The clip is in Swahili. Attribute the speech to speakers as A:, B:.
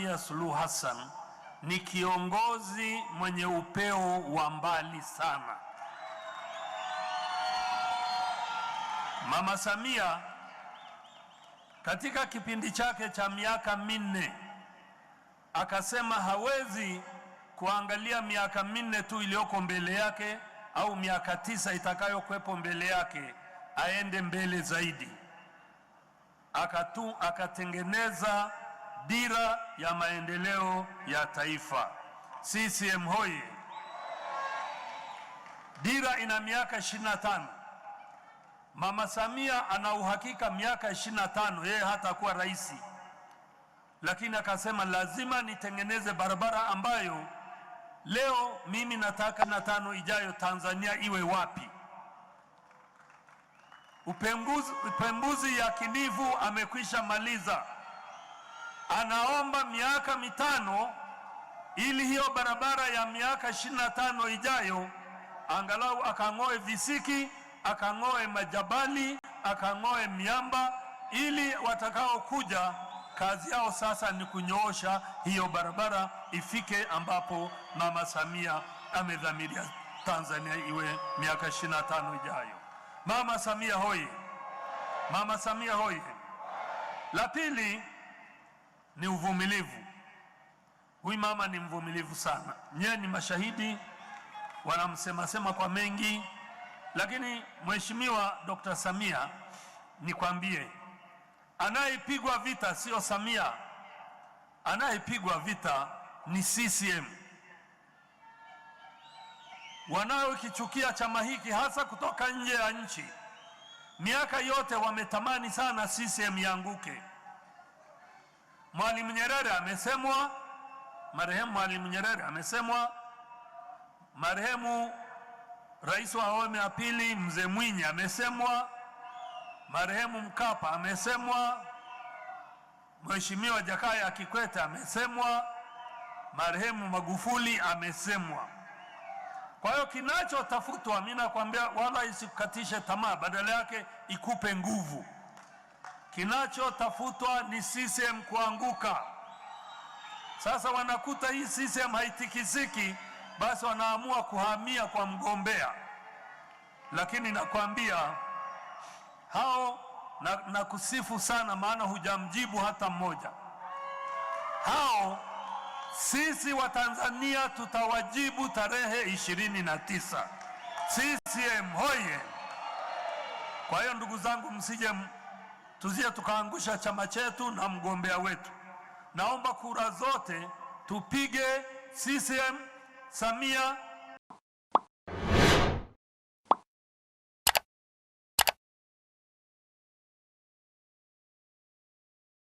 A: Samia Suluhu Hassan ni kiongozi mwenye upeo wa mbali sana. Mama Samia katika kipindi chake cha miaka minne akasema hawezi kuangalia miaka minne tu iliyoko mbele yake au miaka tisa itakayokuwepo mbele yake, aende mbele zaidi. Akatu, akatengeneza dira ya maendeleo ya taifa. CCM hoye! Dira ina miaka 25. Mama Samia ana uhakika miaka 25, yeye hatakuwa rais, lakini akasema lazima nitengeneze barabara ambayo leo mimi nataka na tano ijayo Tanzania iwe wapi? Upembuzi, upembuzi yakinivu amekwisha maliza anaomba miaka mitano ili hiyo barabara ya miaka 25 tano ijayo angalau akang'oe visiki akang'oe majabali akang'oe miamba, ili watakaokuja kazi yao sasa ni kunyoosha hiyo barabara ifike ambapo Mama Samia amedhamiria Tanzania iwe miaka 25 tano ijayo. Mama Samia hoye! Mama Samia hoye! La pili ni uvumilivu. Huyu mama ni mvumilivu sana, nyewe ni mashahidi, wanamsemasema kwa mengi, lakini Mheshimiwa Dr. Samia, nikwambie, anayepigwa vita sio Samia, anayepigwa vita ni CCM. Wanaokichukia chama hiki hasa kutoka nje ya nchi, miaka yote wametamani sana CCM ianguke. Mwalimu Nyerere amesemwa, marehemu Mwalimu Nyerere amesemwa, marehemu rais wa awamu ya pili Mzee Mwinyi amesemwa, marehemu Mkapa amesemwa, Mheshimiwa Jakaya Kikwete amesemwa, marehemu Magufuli amesemwa. Kwa hiyo kinachotafutwa, mimi nakwambia, wala isikukatishe tamaa, badala yake ikupe nguvu. Kinachotafutwa ni CCM kuanguka. Sasa wanakuta hii CCM haitikisiki, basi wanaamua kuhamia kwa mgombea. Lakini nakwambia hao na, na kusifu sana, maana hujamjibu hata mmoja. Hao sisi Watanzania tutawajibu tarehe 29. na tisa. CCM hoye! Kwa hiyo ndugu zangu, msije tuzie tukaangusha chama chetu na mgombea wetu. Naomba kura zote tupige CCM Samia